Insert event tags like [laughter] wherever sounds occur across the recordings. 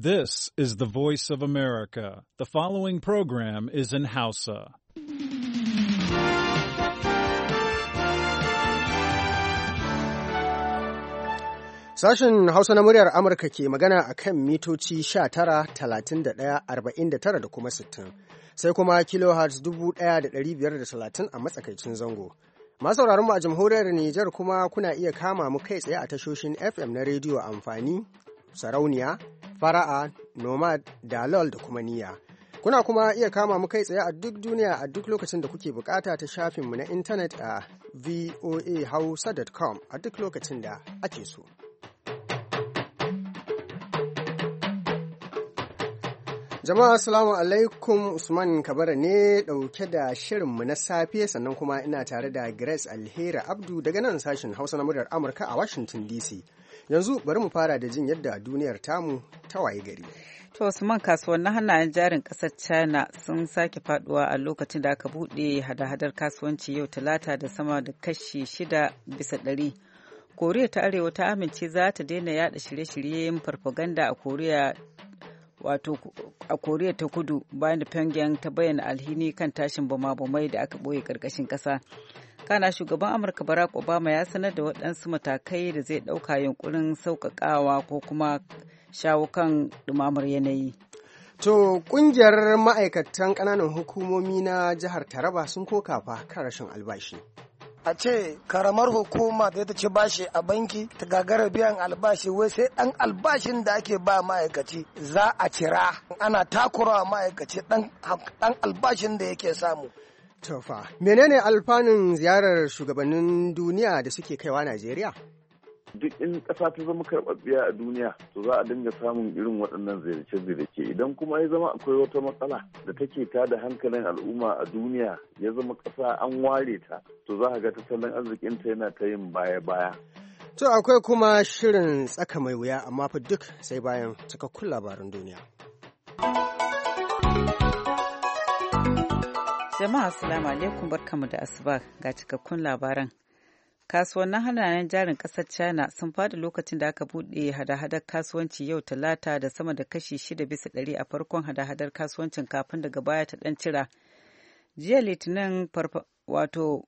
This is the voice of America. The following program is in Hausa. Sashen Hausa na muryar Amurka ke magana a kan mitoci 19, 31, 49 da kuma 60, sai kuma kilohertz 1530 a matsakaicin zango. Masu mu a jamhuriyar Nijar kuma kuna iya kama mu kai tsaye a tashoshin FM na rediyo amfani, sarauniya fara'a nomad dalol da kuma niyya kuna kuma iya kama mu kai tsaye a duk duniya a duk lokacin da kuke bukata ta shafinmu na intanet a voahausa.com a duk lokacin da ake so. Jama'a Assalamu alaikum Usman Kabara ne ɗauke da shirinmu na safe sannan kuma ina tare da Grace Alheri Abdu daga nan sashen Hausa na muryar Amurka a Washington DC. yanzu bari mu fara da jin yadda duniyar tamu ta waye gari to na kasuwannin hannayen jarin kasar china sun sake faduwa a lokacin da aka bude hada-hadar kasuwanci yau talata da sama da kashi shida bisa ɗari koriya ta arewa ta amince za ta daina yada shirye-shiryen farfaganda a koriya wato a koriya ta kudu bayan da pyongyang ta bayyana alhini kan tashin bama-bamai da aka ɓoye ƙarƙashin ƙasa kana shugaban amurka barack obama ya sanar da waɗansu matakai da zai ɗauka yunkurin sauƙaƙawa ko kuma shawo kan ɗumamar yanayi To ƙungiyar ma'aikatan ƙananan hukumomi na jihar Taraba sun koka fa kan rashin albashi. a ce karamar hukuma da ta ci bashi a banki ta gagara biyan albashi wai sai dan albashin da ake ba ma'aikaci za a cira ana takurawa ma'aikaci dan albashin da yake samu Tofa, menene alfanun ziyarar shugabannin duniya da suke kaiwa Najeriya? duk in ƙasa ta zama karɓaɓɓiya a duniya to za a dinga samun irin waɗannan ziyarce-ziyarce idan kuma ya zama akwai wata matsala da take ta da hankalin al'umma a duniya ya zama ƙasa an ware ta to za a ga tattalin arzikinta yana ta yin baya-baya. To akwai kuma shirin tsaka mai wuya amma fa duk sai bayan cikakkun labaran duniya. Jama'a Assalamu alaikum barkamu da asuba ga cikakkun labaran. Kasuwannin hannayen jarin kasar China sun fada lokacin da aka buɗe hada-hadar kasuwanci yau talata da sama da kashi shida bisa ɗari a farkon hada-hadar kasuwancin kafin daga baya ta ɗan cira. Jiya Litinin wato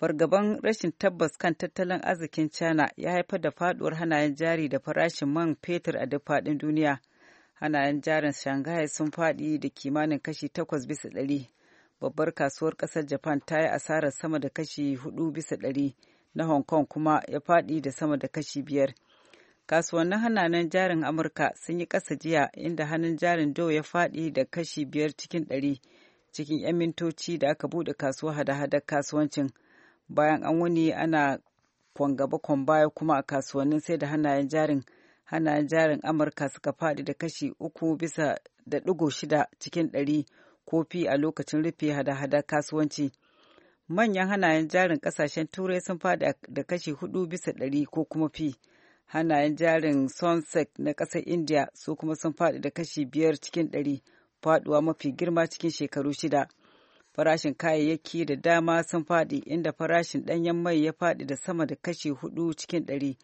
fargaban rashin tabbas kan tattalin arzikin China ya haifar da faduwar hanayen jari da farashin man fetur a duk fadin duniya. hanayen jarin Shanghai sun faɗi da kimanin kashi 8 bisa ɗari. babbar kasuwar kasar japan ta yi asarar sama da kashi hudu bisa ɗari na hong kong kuma ya faɗi da sama da kashi biyar kasuwannin hannanen jarin amurka sun yi ƙasa jiya inda hannun jarin do ya faɗi da kashi biyar cikin ɗari cikin 'yan mintoci da aka buɗe kasuwa hada-hadar kasuwancin bayan an wuni ana kwangaba baya kuma a kasuwannin sai da hannayen jarin hannayen jarin amurka suka faɗi da kashi uku bisa da digo shida cikin ɗari kofi a lokacin rufe hada hada kasuwanci manyan hanayen jarin kasashen turai sun fada da kashi hudu bisa ɗari ko kuma fi hanayen jarin sunset na ƙasar india su kuma sun fada da kashi biyar cikin ɗari faduwa mafi girma cikin shekaru shida farashin kayayyaki da dama sun faɗi inda farashin ɗanyen mai ya faɗi da sama da kashi hudu cikin ɗari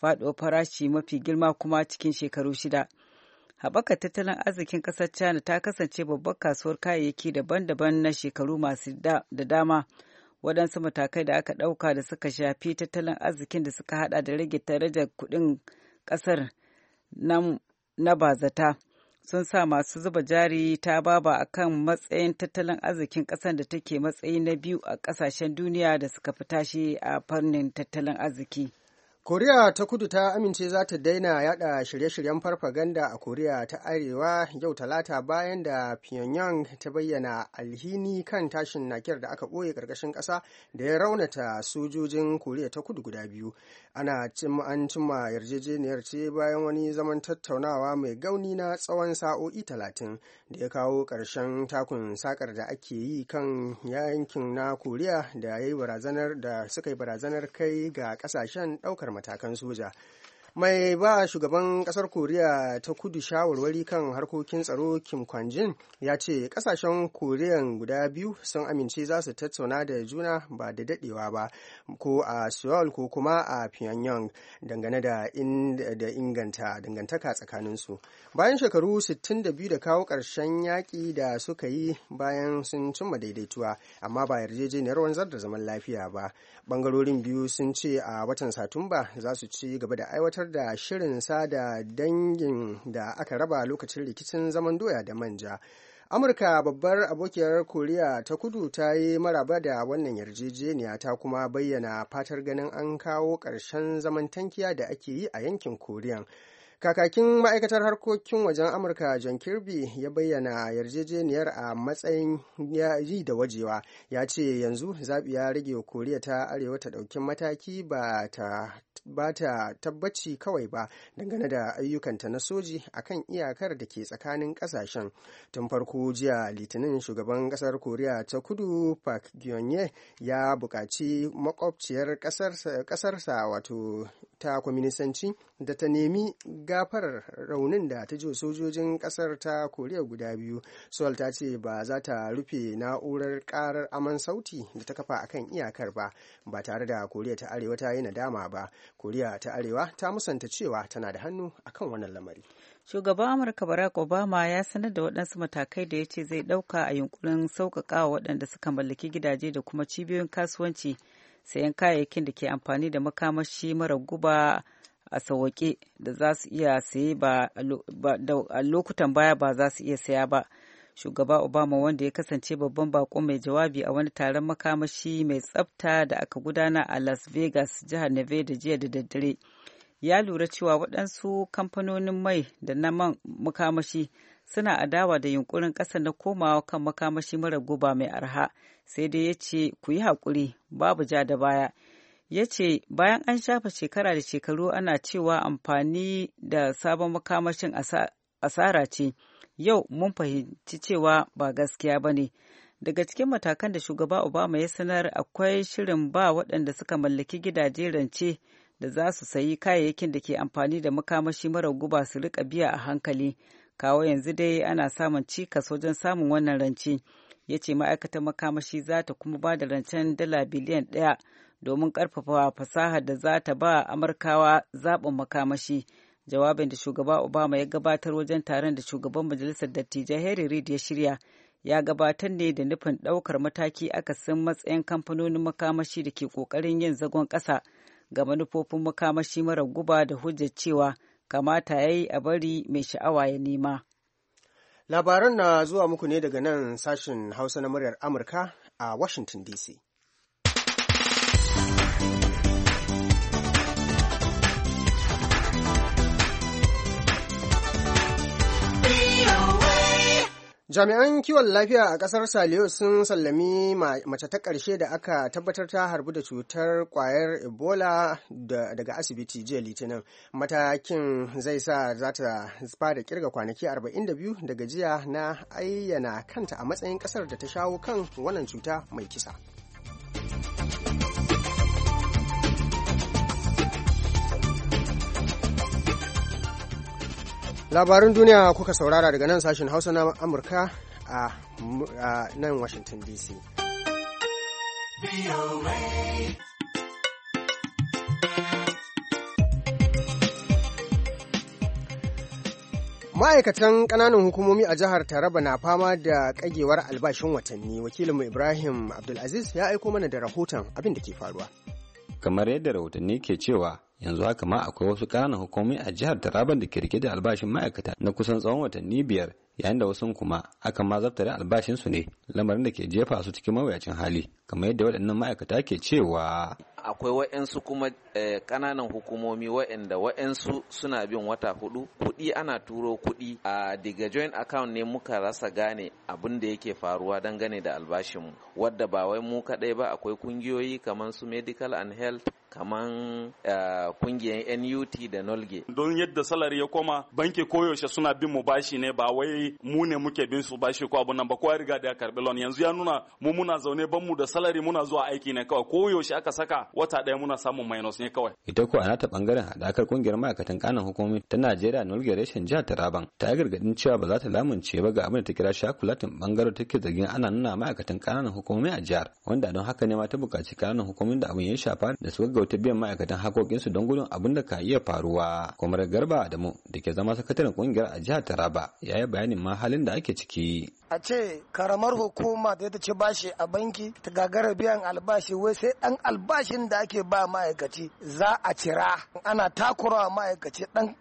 faɗuwa farashi mafi girma kuma cikin shekaru shida haɓaka tattalin arzikin ƙasar china ta kasance babbar kasuwar kayayyaki daban-daban na shekaru masu da dama waɗansu matakai da aka ɗauka da suka shafi tattalin arzikin da suka haɗa da rage darajar kuɗin ƙasar na bazata sun sa masu zuba jari ta baba a kan matsayin tattalin arzikin ƙasar da take matsayi na biyu a ƙasashen duniya da suka fi tashi a fannin tattalin arziki. koriya ta kudu ta amince za ta daina yada shirye-shiryen farfaganda a koriya ta arewa yau talata bayan da pyongyang ta bayyana alhini kan tashin nakiyar da aka ɓoye ƙarƙashin ƙasa da ya raunata sojojin koriya ta kudu guda biyu ana cimma an cimma yarjejeniyar ce bayan wani zaman tattaunawa mai gauni na tsawon sa'o'i talatin da ya kawo ƙarshen takun sakar da ake yi kan yankin na koriya da ya yi barazanar da suka yi barazanar kai ga ƙasashen ɗaukar matakan soja mai ba shugaban kasar koriya ta kudu shawarwari kan harkokin tsaro kim kwanjin ya ce kasashen koriyan guda biyu sun amince za su tattauna da juna ba da dadewa ba ko a seoul ko kuma a pyongyang dangane da inganta dangantaka tsakaninsu bayan shekaru 62 da kawo ƙarshen yaƙi da suka yi bayan sun cimma daidaituwa amma ba yarjejeniyar wanzar da zaman lafiya ba bangarorin biyu sun ce a watan satumba za su ci gaba da aiwatar gabatar da shirin sada dangin da aka raba lokacin rikicin zaman doya da manja amurka babbar abokiyar koriya ta kudu ta yi maraba da wannan yarjejeniya ta kuma bayyana fatar ganin an kawo ƙarshen zaman tankiya da ake yi a yankin koriyan Kakakin ma'aikatar harkokin wajen Amurka John Kirby ya bayyana yarjejeniyar a matsayin yi da wajewa ya ce yanzu zaɓi ya rage Koriya ta Arewa ta ɗauki mataki ba ta tabbaci kawai ba dangane da ayyukanta na soji a kan iyakar da ke tsakanin ƙasashen tun farko jiya litinin shugaban ƙasar koriya ta kudu park gyonye ya buƙaci makwabciyar kasarsa wato ta kwaminisanci da ta nemi gafarar raunin da ta ji sojojin kasar ta koriya guda biyu sol ta ce ba za ta rufe na'urar karar aman sauti da ta kafa akan iyakar ba ba tare da koriya ta arewa ta yi nadama ba koriya ta arewa ta musanta cewa tana da hannu akan wannan lamari shugaban amurka barack obama ya sanar da waɗansu matakai da ya ce zai ɗauka a yunkurin sauƙaƙa waɗanda suka mallaki gidaje da kuma cibiyoyin kasuwanci sayan kayayyakin da ke amfani da makamashi mara guba a sauwaƙe da za su iya saye ba a lokutan baya ba za su iya saya ba shugaba obama wanda ya kasance babban bako mai jawabi a wani taron makamashi mai tsafta da aka gudana a las vegas jihar nevada jiya da daddare ya lura cewa waɗansu kamfanonin mai da na man makamashi suna adawa da yunkurin ƙasa na komawa kan makamashi mara guba mai arha sai dai ya ce ku yi haƙuri babu ja da baya ya ce bayan an shafa shekara da shekaru ana cewa amfani da sabon makamashin asara ce yau mun fahimci cewa ba gaskiya ba ne daga cikin matakan da shugaba obama ya sanar akwai shirin ba waɗanda suka mallaki gidaje rance da za su sayi kayayyakin da ke amfani da makamashi mara guba su rika biya a hankali kawo yanzu dai ana samun cikas wajen samun wannan rance ya ce ma'aikatar makamashi za ta kuma ba da rancen dala biliyan ɗaya domin ƙarfafa fasahar da za ta ba amurkawa zaɓin makamashi jawabin da shugaba obama ya gabatar wajen taron da shugaban majalisar dattijai harry reid ya shirya ya gabatar ne da nufin ɗaukar mataki akasin matsayin kamfanonin makamashi da ke ƙoƙarin yin zagon ƙasa ga manufofin makamashi mara guba da hujjar cewa kamata ya yi a bari mai sha'awa ya nema. Labaran na zuwa muku ne daga nan sashen Hausa na muryar Amurka a Washington DC. Jami'an kiwon lafiya a kasar Saliyo sun sallami mace ta ƙarshe da aka tabbatar ta harbu da cutar kwayar Ebola daga asibiti jiya Litinin. Matakin zai sa za ta fara kirga kwanaki 42 daga jiya na ayyana kanta a matsayin kasar da ta shawo kan wannan cuta mai kisa. labarin duniya kuka saurara daga nan sashen hausa na amurka a nan washington dc ma'aikatan ƙananan hukumomi a jihar taraba na fama da ƙagewar albashin watanni wakilinmu ibrahim abdulaziz ya aiko mana da rahoton abin da ke faruwa kamar yadda rahotanni ke cewa yanzu haka ma akwai wasu ƙananan hukumomi a jihar taraban da ke rike da albashin ma'aikata na kusan tsawon watanni biyar yayin da wasu kuma akan ma albashin su ne lamarin da ke jefa su cikin mawuyacin hali kamar yadda waɗannan ma'aikata ke cewa akwai wa'yansu kuma eh, ƙananan hukumomi wa'yanda wa'yansu suna bin wata hudu kuɗi ana turo kuɗi a diga joint account ne muka rasa gane abin da yake faruwa dangane da albashinmu wadda ba wai mu kaɗai ba akwai kungiyoyi kamar su medical and health kamar kungiyar eh, NUT da Nolge. Don yadda salari ya koma banki koyaushe suna bin mu bashi ne ba wai mu ne muke bin su bashi ko abu nan ba kowa riga da ya karbi loan yanzu ya nuna mu muna zaune ban mu da salari muna zuwa aiki ne kawai koyaushe aka saka wata daya muna samun minus ne kawai. Ita ko a nata bangaren haɗakar kungiyar ma'aikatan kanan hukumomi ta Najeriya Nolge Reshen jihar Taraban ta yi gargaɗin cewa ba za ta lamunce ba ga abin da ta kira shakulatin bangaren take zargin ana nuna ma'aikatan ƙananan hukumomi a jihar wanda don haka ne ma ta buƙaci ƙananan hukumomin da abin ya shafa da su gaggauta biyan ma'aikatan hakokinsu don gudun abin da ka iya faruwa. Kwamar Garba Adamu da ke zama sakataren kungiyar a jihar Taraba ya yi bayanin ma halin da ake ciki. a ce karamar hukuma da ta ci bashi a banki ta gagara biyan albashi wai sai dan albashi kuɗin da ake ba ma'aikaci za a cira ana takurawa ma'aikaci dan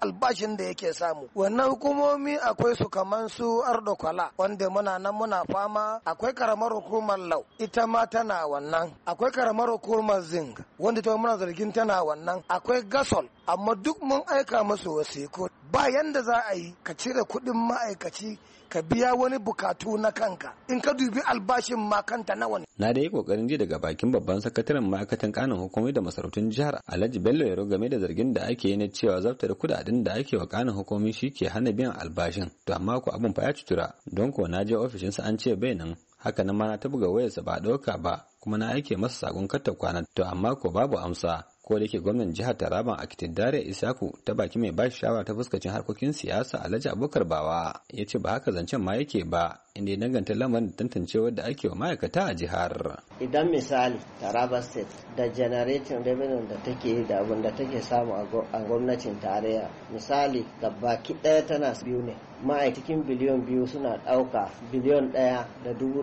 albashin da yake samu wannan hukumomi akwai su kamar su ardokwala wanda muna nan muna fama akwai karamar hukumar lau ita ma tana wannan akwai karamar hukumar zing wanda ta muna zargin tana wannan akwai gasol amma duk mun aika musu wasiku Bayan da za a yi ka cire kuɗin ma'aikaci ka biya wani bukatu na kanka in ka dubi albashin makanta nawa ne. na da yi kokarin ji daga bakin babban sakataren ma'aikatan kanin hukumomi da masarautun jihar alhaji bello yaro game da zargin da ake yi na cewa zaftar kudaden da ake wa kanin hukumomi shi ke hana biyan albashin to amma ko abin fa ya cutura don ko na je ofishinsa an ce bai nan haka nan ma na ta buga wayarsa ba a ɗauka ba kuma na aike masa sakon kata kwana to amma ko babu amsa ko da yake gwamnan jihar taraba Taraban Akitidare Isaku ta baki mai bashi shawara ta fuskacin harkokin siyasa Alhaji Abubakar Bawa ya ce ba haka zancen ma yake ba inda ya danganta lamarin da tantancewar da ake wa ma'aikata a jihar. Idan misali Taraba State da generating revenue da take da abin da take samu a gwamnatin tarayya misali da baki ɗaya tana biyu ne ma'aikacin biliyon biyu suna ɗauka biliyon ɗaya da dubu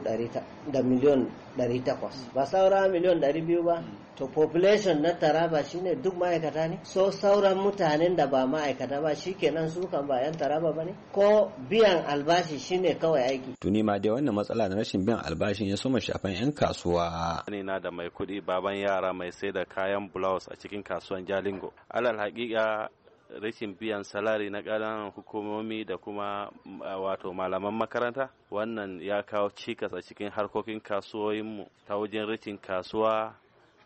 da miliyon ɗari takwas ba saura miliyon ɗari biyu ba to population na taraba shine duk ma'aikata ne so sauran mutanen da ba ma'aikata ba shikenan su kan ba yan taraba ba ne ko biyan albashi shine kawai aiki tuni ma dai wannan matsala na rashin biyan albashi ya soma shafan yan kasuwa ni na da mai kuɗi baban yara mai sai da kayan blouse a cikin kasuwan jalingo alal haƙiƙa rashin biyan salari na ƙananan hukumomi da kuma wato malaman makaranta wannan ya kawo cikas a cikin harkokin kasuwoyinmu ta wajen rashin kasuwa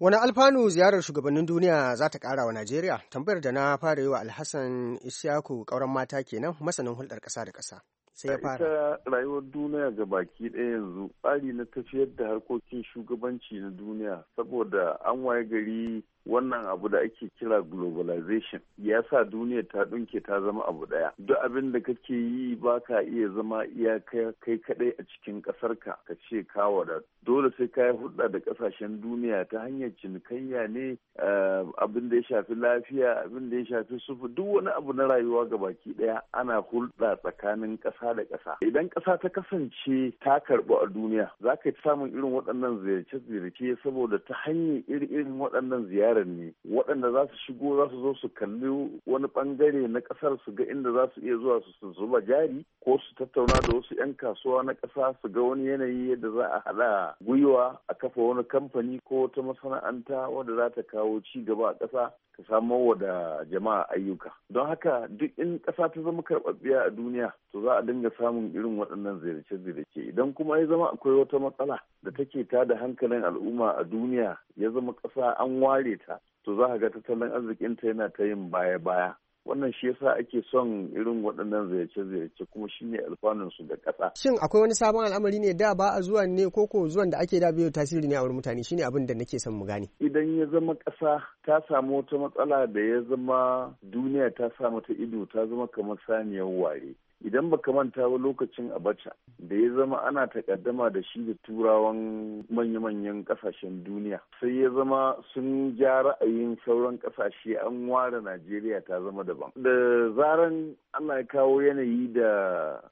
Wani alfanu ziyarar shugabannin duniya za ta kara wa Najeriya? Tambayar da na fara yi wa Alhassan Isyaku kauran mata kenan masanin hulɗar ƙasa da ƙasa. Sai ya fara. rayuwar duniya ga baki ɗaya yanzu tsari na tafiyar da harkokin shugabanci na duniya saboda an waye gari wannan abu da ake kira globalization ya sa duniya ta ɗunke ta zama abu daya. duk abin da kake yi ba ka iya zama iya kai kaɗai a cikin ƙasar ka ce ka wada dole sai ka yi hulɗa da kasashen duniya ta hanyar cinikayya ne eh, abin da ya shafi lafiya abin da ya shafi sufu duk wani abu na rayuwa ga baki daya ana hulɗa tsakanin ƙasa da ƙasa idan ƙasa ta kasance ta karɓi a duniya za ka samun irin waɗannan ziyarce-ziyarce saboda ta hanyar irin waɗannan ziyara tsarin ne waɗanda za su shigo za su zo su kalli wani bangare na ƙasar su ga inda za su iya zuwa su zuba jari ko su tattauna da wasu 'yan kasuwa na ƙasa su ga wani yanayi yadda za a haɗa gwiwa a kafa wani kamfani ko wata masana'anta wanda za ta kawo ci gaba a ƙasa ta samo wa da jama'a ayyuka don haka duk in ƙasa ta zama karɓaɓɓiya a duniya to za a dinga samun irin waɗannan ziyarce-ziyarce idan kuma ya zama akwai wata matsala da take da hankalin al'umma a duniya ya zama ƙasa an ware ta to za ka ga tattalin arzikinta yana ta yin baya-baya wannan shi yasa ake son irin waɗannan ziyarce-ziyarce kuma shi ne alfanunsu da ƙasa. Shin akwai wani sabon al'amari ne da ba a zuwa ne ko ko zuwan da ake da biyo tasiri ne a wurin mutane shine abin da nake son mu gane. Idan ya zama ƙasa ta samu wata matsala da ya zama duniya ta sa ta ido ta zama kamar saniyar ware. idan baka manta ba lokacin abacha da ya zama ana takaddama da shi da turawan manya-manyan kasashen duniya sai ya zama sun ja ra'ayin sauran kasashe an ware najeriya ta zama daban da zaran ana kawo yanayi da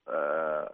eh,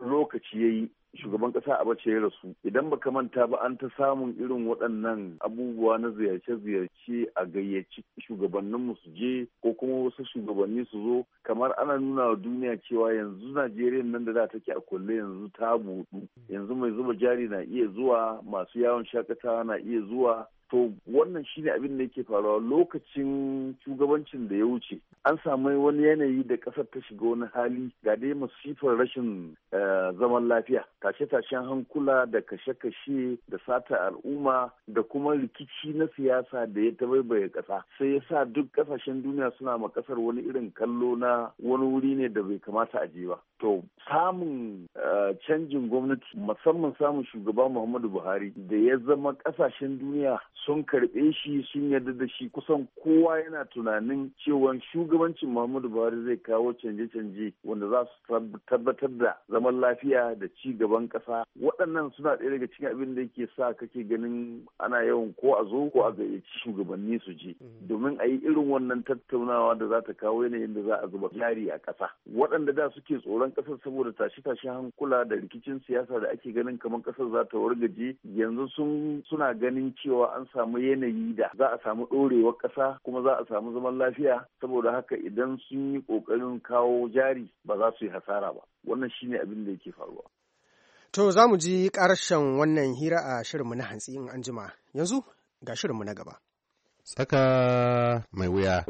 lokaci ya yi shugaban kasa a bace ya rasu idan baka manta ba an ta samun irin waɗannan abubuwa na ziyarce-ziyarce a gayyaci shugabannin su je ko kuma wasu shugabanni su zo kamar ana nuna wa duniya cewa yanzu najeriya nan da za take a kulle yanzu ta buɗu yanzu mai zuba jari na iya zuwa masu yawon shakatawa na iya zuwa to wannan shine abin da yake faruwa lokacin shugabancin da ya wuce an samu wani yanayi da kasar ta shiga wani hali ga dai masifar rashin eh, zaman lafiya tashe-tashen hankula da kashe-kashe da sata al'umma da kuma rikici na siyasa da ya tabaibaye kasa sai ya sa duk kasashen duniya suna ma kasar wani irin kallo na wani wuri ne da bai kamata a je ba to samun eh, canjin gwamnati musamman samun shugaba muhammadu buhari da ya zama kasashen duniya sun karɓe shi sun yarda da shi kusan kowa yana tunanin cewa shugabancin Muhammadu Buhari zai kawo canje-canje wanda za su tabbatar da zaman lafiya da ci gaban ƙasa waɗannan suna ɗaya daga cikin abin da yake sa kake ganin ana yawan ko a zo ko a gayyaci shugabanni su je mm. domin a yi irin wannan tattaunawa da za ta kawo yanayin da za a zuba jari a ƙasa waɗanda da suke tsoron ƙasar saboda tashe tashi hankula da rikicin siyasa da ake ganin kamar ƙasar za ta wargaje yanzu sun suna ganin cewa an samu yanayi da za a samu ɗorewar ƙasa kuma za a samu zaman lafiya saboda haka idan sun yi ƙoƙarin kawo jari ba za su yi hasara ba wannan shine abin da yake faruwa. To za mu ji ƙarshen wannan hira a shirinmu na hantsi in an jima yanzu ga shirinmu na gaba. saka mai wuya.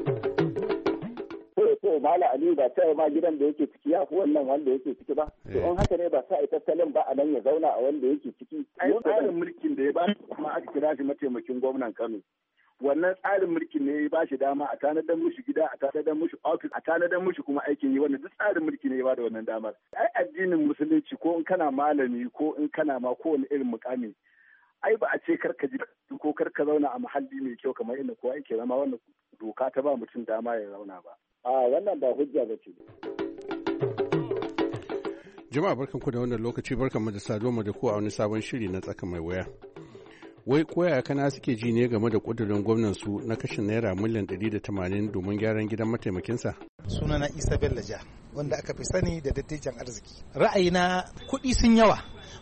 to mala ali ba ta ma gidan da yake ciki ya fi wannan wanda yake ciki ba to in eh. haka ne ba sa a tattalin ba a nan ya zauna a wanda yake ciki ai tsarin mulkin da ya ba kuma aka kira shi mataimakin gwamnan Kano wannan tsarin mulkin ne ya ba shi dama a tanadar mushi gida a tanadar mushi ofis a tanadar mushi kuma aikin yi wannan duk tsarin mulki ne ya ba da wannan damar ai addinin musulunci ko in kana malami ko in kana ma kowane irin mukami ai ba a ce karka ji ko karka zauna a muhalli mai kyau kamar inda kowa yake zama wannan doka ta ba mutum dama ya zauna ba a wannan ba hujja ba ce jama'a ku da wannan lokaci barkanmu da saduwa da ku a wani sabon shiri na tsaka mai waya wai koya kana suke ji ne game da kudurin gwamnan su na kashin naira miliyan 180 domin gyaran gidan mataimakinsa sunana isa bellaja wanda aka fi sani da dattijan arziki ra'ayina kuɗi sun yawa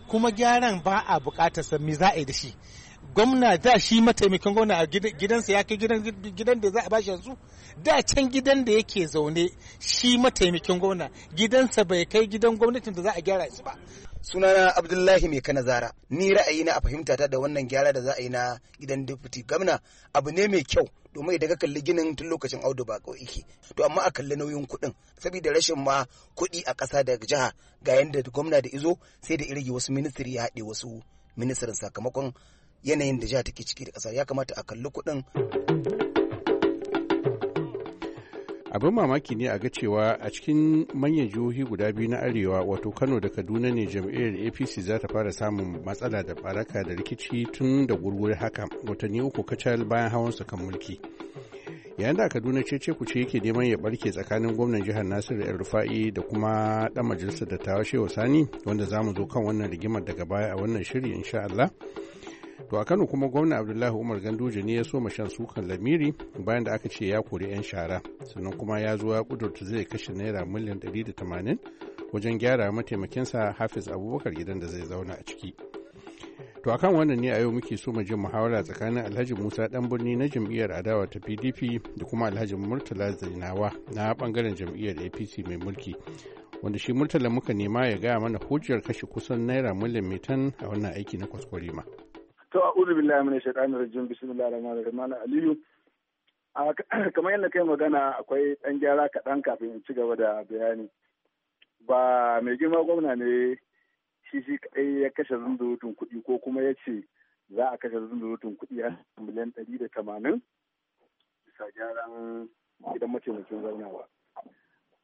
kuma gyaran ba a buƙatar sa me za a yi da shi gwamna da shi mataimakin gwamna a gidansa ya kai gidan da za a bashi yanzu da can gidan da yake zaune shi mataimakin gwamna gidansa bai kai gidan gwamnatin da za a gyara shi ba sunana abdullahi mai kana zara ni ra'ayi na a ta da wannan gyara da za a yi na gidan deputy gwamna abu ne mai kyau domin idan ka kalli ginin tun lokacin audu ba iki to amma a kalli nauyin kuɗin saboda rashin ma kuɗi a ƙasa da jiha ga yadda gwamna da izo sai da irge wasu ministry ya haɗe wasu ministirin sakamakon yanayin da jihar take ciki da ƙasa ya kamata a kalli kuɗin abin mamaki ne a ga cewa a cikin manyan jihohi guda biyu na arewa wato kano da kaduna ne jam'iyyar apc za ta fara samun matsala da baraka da rikici tun da gurguri haka watanni uku kacal bayan hawan su kan mulki yayin da kaduna ce ce kuce yake neman ya barke tsakanin gwamnan jihar nasiru el rufa'i da kuma dan majalisar dattawa wa sani wanda za mu zo kan wannan rigimar daga baya a wannan shiri insha allah to a kano kuma gwamna abdullahi umar ganduje ne ya soma shan sukan lamiri bayan da aka ce ya kori 'yan shara sannan kuma ya zo ya kudurta zai kashe naira miliyan 180 wajen gyara mataimakinsa hafiz abubakar gidan da zai zauna a ciki to a kan wannan ne a yau muke so mu jin muhawara tsakanin alhaji musa dan birni na jam'iyyar adawa ta pdp da kuma alhaji murtala zainawa na bangaren jam'iyyar apc mai mulki wanda shi murtala muka nema ya gaya mana hujjar kashe kusan naira miliyan mitan a wannan aiki na kwaskwarima. to uzu billahi minash shaitani rajin bismillahir rahmanir rahim malam aliyu [clears throat] kamar yadda kai magana akwai dan gyara kaɗan kafin in ci gaba da bayani ba mai girma gwamna ne shi shi kaɗai ya kashe zunzurutun kuɗi ko kuma ya ce za a kashe zunzurutun kuɗi a miliyan ɗari da tamanin bisa gyaran gidan mataimakin zaunawa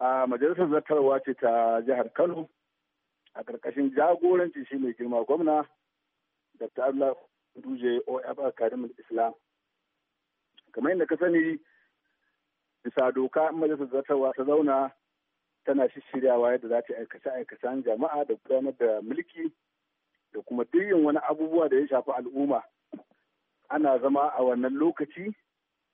a majalisar zartarwa ce ta jihar kano a ƙarƙashin jagoranci shi mai girma gwamna dr abdullahi duje OF Academy Islam kamar yadda ka sani bisa doka majalisar zartarwa ta zauna tana shiryawa yadda za ta aikace aikacen jama'a da gudanar da mulki da kuma yin wani abubuwa da ya shafi al'umma ana zama a wannan lokaci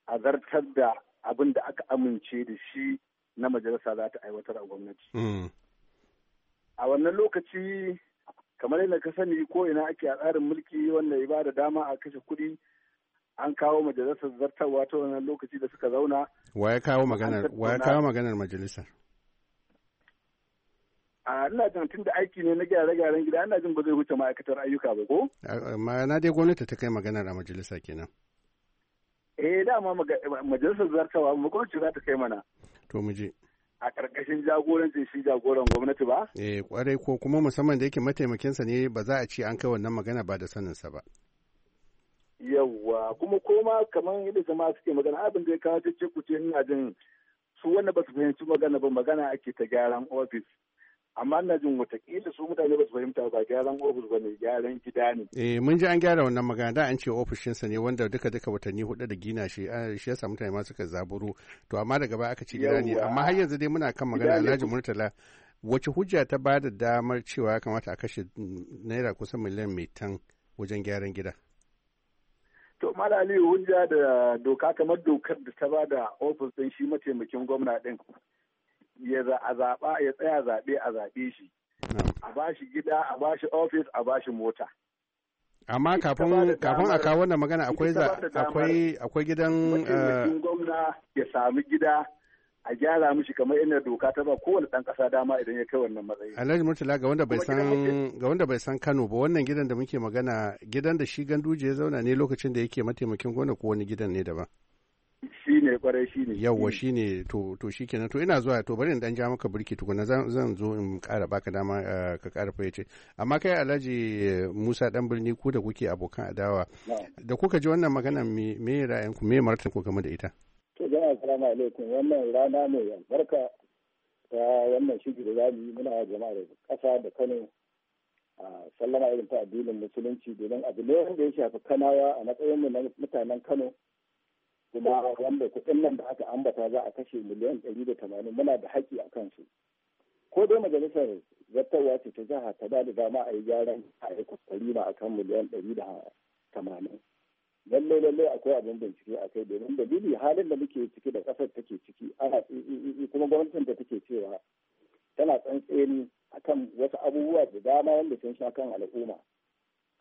a zartar da abin da aka amince da shi na majalisa za ta aiwatar a gwamnati. Mm. A wannan lokaci kamar yadda ka sani ko ina ake a tsarin mulki wanda ya ba da dama a kashe kuɗi an kawo majalisar zartarwa ta wannan lokaci da suka zauna wa ya kawo maganar wa kawo maganar majalisar a ina jin tun da aiki ne na gyare-gyaren gida ina jin ba zai wuce ma'aikatar ayyuka ba ko ma'ana dai gwamnati ta kai maganar a majalisa kenan eh dama majalisar zartawa gwamnati za ta kai mana to mu je a ƙarƙashin jagorancin shi jagoran gwamnati ba? Eh kwarai ko kuma musamman da yake mataimakinsa ne ba za a ce an kai wannan magana ba da saninsa ba. Yawwa kuma koma kamar yadda jama'a suke magana abin da ya kawo ce kuce ina jin su wanda ba su fahimci magana ba magana ake ta gyaran ofis amma ina jin watakila su mutane ba su fahimta ba gyaran ofis ba ne gyaran gida ne. eh mun ji an gyara wannan magana da an ce sa ne wanda duka duka watanni hudu da gina shi shi yasa mutane ma suka zaburo to amma daga baya aka ce gida ne amma har yanzu dai muna kan magana Alhaji Murtala wace hujja ta ba da damar cewa ya kamata a kashe mm, naira kusan miliyan metan wajen gyaran gida. to malali aliyu hujja da doka kamar dokar da ta ba da ofis din shi mataimakin gwamna din ya zaɓa ya tsaya zaɓe a zaɓe shi a ba shi gida a ba shi ofis a ba shi mota amma kafin a kawo wannan magana akwai gidan eh, gwamna ya sami gida a gyara mishi kamar inda doka ta ba kowane ɗan ƙasa dama idan ya kai wannan matsayi. Alhaji Murtala ga wanda bai san Kano ba wannan gidan da muke magana gidan da shi Ganduje ya zauna ne lokacin da yake mataimakin gona ko wani gidan ne daban. kwarai shine shi ne to shi kenan to ina zuwa to bari in dan ja maka burki tukuna zan zo in kara baka dama eh, ka ƙara fayyace amma kai Alhaji eh, Musa dan birni ku da kuke abokan adawa da kuka ji wannan magana me me ku me martan ku game da ita to jama'a assalamu alaikum wannan rana ne albarka ta wannan shiri da zamu yi muna jama'a da kasa da Kano sallama irin ta addinin musulunci domin abu ne wanda ya shafi kanawa a matsayin mu na mutanen kano kuma wanda kuɗin nan da aka ambata za a kashe miliyan ɗari da tamanin muna da haƙƙi a kansu ko dai majalisar zartarwa ce ta jiha ta ba da dama a yi gyaran a yi kwaskwari ma akan miliyan ɗari da tamanin lallai lallai akwai abin bincike a kai domin dalili halin da muke ciki da ƙasar take ciki ana kuma gwamnatin da take cewa tana tsantseni kan wasu abubuwa da dama wanda sun sha kan al'umma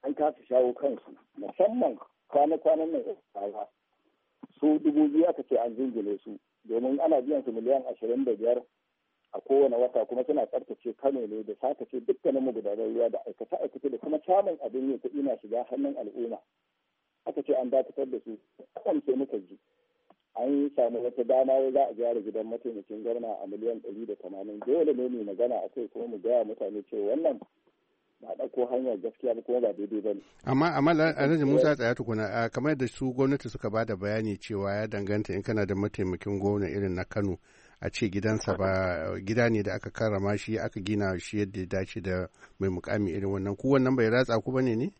an kasa shawo kansu musamman kwana-kwanan nan su dubu biyu aka ce an jingile su domin ana biyan su miliyan ashirin da biyar a kowane wata kuma suna tsarkace kano ne da sakace dukkanin magudanar ruwa da aikata aikata da kuma camun abin yin kuɗi na shiga hannun al'umma aka ce an dakatar da su akan ce muka ji an samu wata dama ya za a gyara gidan mataimakin gwamna a miliyan ɗari da tamanin dole ne mu magana a kai kuma mu gaya mutane cewa wannan ba ɗauko hanyar gaskiya ba kuma ba daidai ba ne. Amma amma Alhaji Musa tsaya tukuna kamar da su gwamnati suka ba da bayani cewa ya danganta in kana da mataimakin gwamna irin na Kano a ce gidansa ba gida ne da aka karrama shi aka gina shi yadda ya dace da mai mukami irin wannan ku wannan bai ratsa ku bane ne?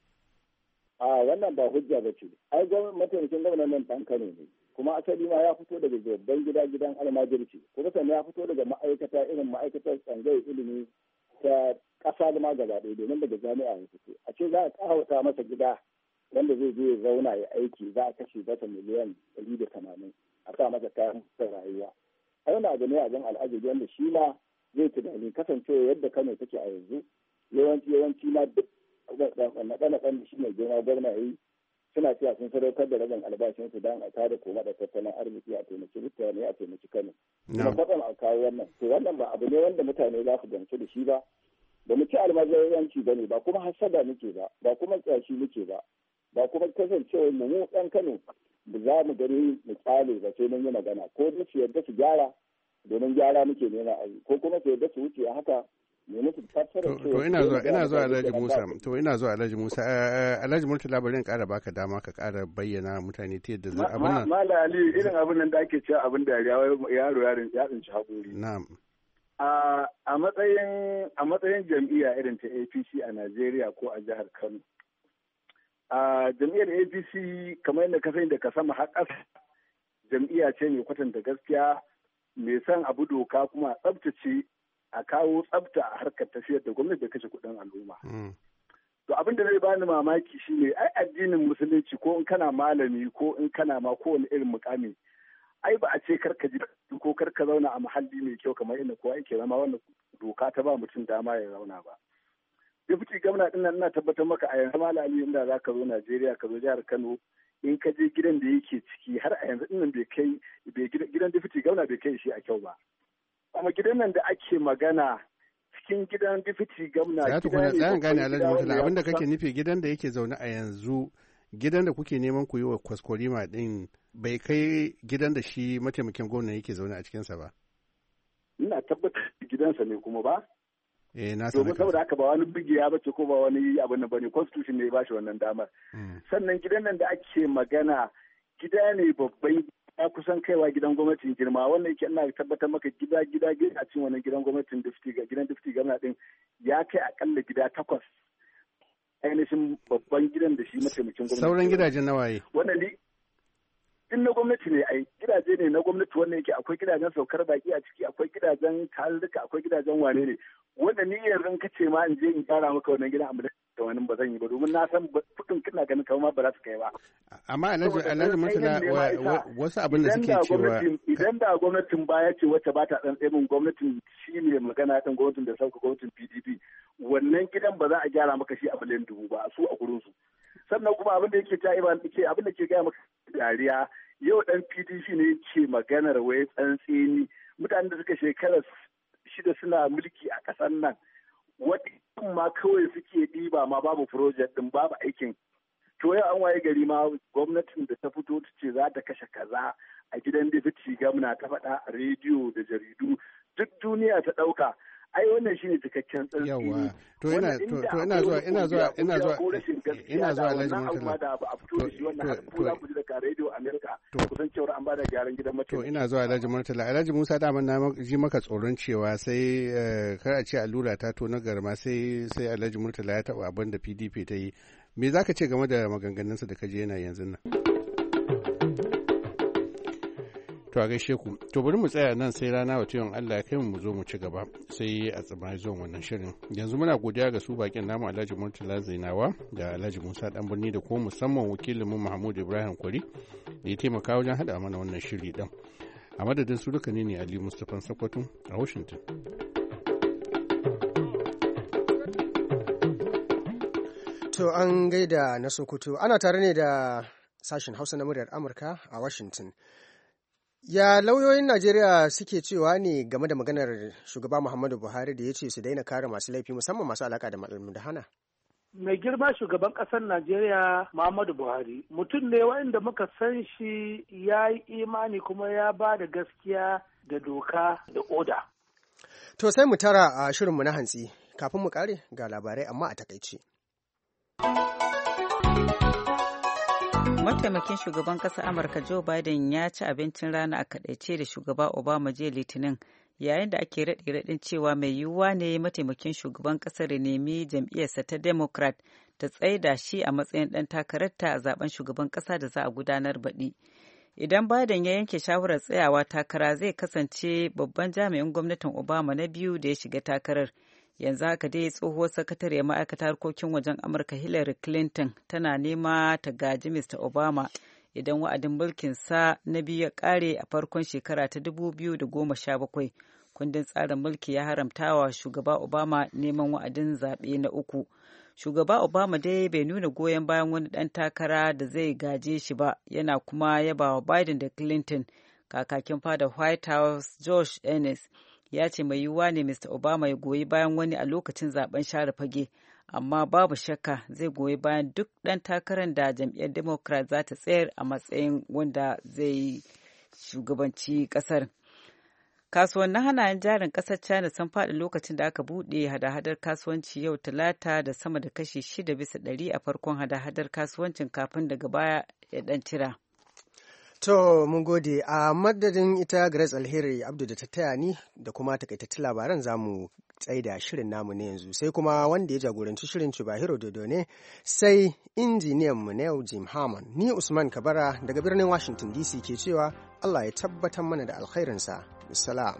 A wannan ba hujja ba ce. Ai mataimakin gwamna nan ɗan Kano ne. kuma asali ma ya fito daga babban gida gidan almajirci kuma sannan ya fito daga ma'aikata irin ma'aikatar tsangayar ilimi ta ƙasa ma gaba ɗaya domin daga jami'a ya fito a ce za a ƙawata masa gida wanda zai zo ya zauna ya aiki za a kashe masa miliyan ɗari da tamanin a sa masa kayan rayuwa a yana abu ne a jan al'ajabi wanda shi ma zai tunani kasancewa yadda kano take a yanzu yawanci yawanci ma duk na ɗan shi ne girma gwamna ya yi suna cewa sun sadaukar da rabin albashinsu don a tare koma da tattalin arziki a taimaki mutane a taimaki kano na kwatsam a kawo wannan to wannan ba abu ne wanda mutane za su gamsu da shi ba ba mu ci almajiranci ba ne ba kuma hasada muke ba ba kuma tsashi muke ba ba kuma kasancewar mu ɗan kano ba za mu gani mu tsale ba sai mun yi magana ko duk su yarda su gyara domin gyara muke nema a yi ko kuma su yarda su wuce haka to ina zuwa ina zuwa Alhaji Musa to ina zuwa Alhaji Musa eh, eh, Alhaji Murtala bari in ƙara baka dama ka kara bayyana mutane ta yadda za abin nan Mala Ali irin abin nan da ake cewa abin da yaro yaro ya tsinci hakuri na'am a matsayin a matsayin jam'iyya irin ta APC a Najeriya ko a jihar Kano a jam'iyyar APC kamar yadda ka sani da ka sama har jam'iyya ce mai kwatanta gaskiya mai son abu doka kuma tsabtace a kawo tsabta a harkar tafiyar da gwamnati da kashe kudin al'umma. Hmm. To abin da zai bani mamaki shine ai addinin musulunci ko in kana malami ko in kana ma kowane irin mukami ai ba a ce karka ji ko karka zauna a muhalli mai kyau kamar inda kowa yake zama wannan doka ta ba mutum dama ya zauna ba. Deputy gwamna din nan ina tabbatar maka a yanzu malami inda za ka zo Najeriya ka zo jihar Kano in ka je gidan da yake ciki har a yanzu dinnan bai kai gidan deputy gwamna bai kai shi a kyau ba. Amma gidan nan da ake magana cikin gidan difiti gamna. Ya tukuna tsayan gane alhaji murtala abinda kake nufi gidan da yake zaune a yanzu gidan da kuke neman ku yi wa kwaskorima din bai kai gidan da shi mataimakin gwamna yake zaune a cikinsa ba. Ina tabbatar gidansa ne kuma ba. Eh na san Domin saboda haka ba wani bigiya ba ce ko ba wani abin nan bane constitution ne ya bashi wannan damar. Hmm. Sannan gidan nan da ake magana gida ne babban ya kusan kaiwa gidan gwamnatin girma wannan yake ina tabbatar maka gida gida gida a cikin wannan gidan gwamnatin ga gidan difti gwamna din ya kai akalla gida takwas ainihin babban gidan da shi mataimakin gwamnati sauran gidajen nawaye wannan din na gwamnati ne ai gidaje ne na gwamnati wanda yake akwai gidajen saukar baki a ciki akwai gidajen tarurruka akwai gidajen wane ne wanda ni yanzu ka ce ma in je in gyara maka wannan gidan amma da wani ba zan yi ba domin na san kudin kina ganin ma ba za su kai ba amma mun tana wasu abin da suke cewa idan da gwamnatin baya ce wacce ba ta dan mun gwamnatin shi ne magana ta gwamnatin da sauka gwamnatin PDP wannan gidan ba za a gyara maka shi a miliyan dubu ba su a gurin su sannan kuma abin da yake ta iban ce abin da ke gaya maka dariya yau dan pdp ne ke maganar wai tsantseni mutanen da suka shekara shida suna mulki a kasar nan Wadannan ma kawai suke ɗiba ma babu project din babu aikin to yau an waye gari ma gwamnatin da ta fito ta ce za ta kashe kaza a gidan da ci gamna ta faɗa a rediyo da jaridu duk duniya ta ɗauka ai wannan shine cikakken tsantsi yawa to ina to ina zuwa ina zuwa ina zuwa ina zuwa alhaji murtala da abu a fito shi wannan har ku ku ji daga radio america kusan cewa an bada gyaran gidan mace to ina zuwa alhaji murtala alhaji musa da na ji maka tsoron cewa sai eh, kar a ce allura ta to na garma sai sai alhaji murtala ya taba abin da pdp ta yi me zaka ce game da maganganunsa da kaje yana yanzu nan To a gaishe ku, to bari mu tsaya nan sai rana wa yin Allah ya kai mu zo mu ci gaba sai a tsamai zuwan wannan shirin. Yanzu muna godiya ga su bakin namu Alhaji Murtala Zainawa da Alhaji Musa Dan Birni da ko musamman wakilinmu Mahmud Ibrahim Kwari da ya taimaka wajen haɗa mana wannan shiri dan A madadin su duka ne ne Ali Mustapha Sakwato a Washington. To an gaida na Sokoto ana tare ne da sashen Hausa na muryar Amurka a Washington. Ya lauyoyin Najeriya suke cewa ne game da maganar shugaba Muhammadu Buhari da ya ce su daina kare masu laifi musamman masu alaka da hana? mai girma shugaban ƙasar Najeriya Muhammadu Buhari mutum ne wanda muka san shi ya yi imani kuma ya ba da gaskiya da doka da oda. To sai mu tara a shirinmu na hantsi kafin mu kare ga labarai amma a takaice. mataimakin shugaban ƙasar amurka joe biden ya ci abincin rana a kadaice da shugaba obama jiya litinin yayin da ake raɗe raɗin cewa mai yiwuwa ne mataimakin shugaban ƙasar ya nemi jam'iyyarsa ta democrat ta tsaida shi a matsayin ɗan takararta a zaben shugaban ƙasa da za a gudanar baɗi idan biden ya yanke shawarar tsayawa takara zai kasance babban jami'in gwamnatin obama na biyu da ya shiga takarar yanzu haka dai tsohuwar sakatariyar ma'aikatar harkokin wajen amurka hillary clinton tana nema ta gaji mr obama idan wa'adin sa na biyu ya kare a farkon shekara ta 2017 kundin tsarin mulki ya haramtawa shugaba obama neman wa'adin zaɓe na uku shugaba obama dai bai nuna goyon bayan wani ɗan takara da zai gaje shi ba yana kuma yaba wa biden da clinton kakakin fada white house george ennis ya ce mai yiwuwa ne mr obama ya goyi bayan wani a lokacin zaben share fage amma babu shakka zai goyi bayan duk ɗan takarar da jam'iyyar democrat za ta tsayar a matsayin wanda zai yi shugabanci ƙasar kasuwannin hannayen jarin ƙasar china sun faɗi lokacin da aka buɗe hada-hadar kasuwanci yau talata da sama da kashi shida bisa ɗari a farkon hada-hadar kasuwancin kafin daga baya ya ɗan cira. To, mun gode a madadin ita Grace Alheri Abdu da ta taya ni da kuma takaitattun labaran za zamu tsaida shirin namu na yanzu sai kuma wanda ya jagoranci shirin Chubahiro Dodo ne sai injiniyan mu na yau Jim Harmon. ni Usman Kabara daga birnin Washington DC ke cewa Allah ya tabbatar mana da alkhairinsa. Salam.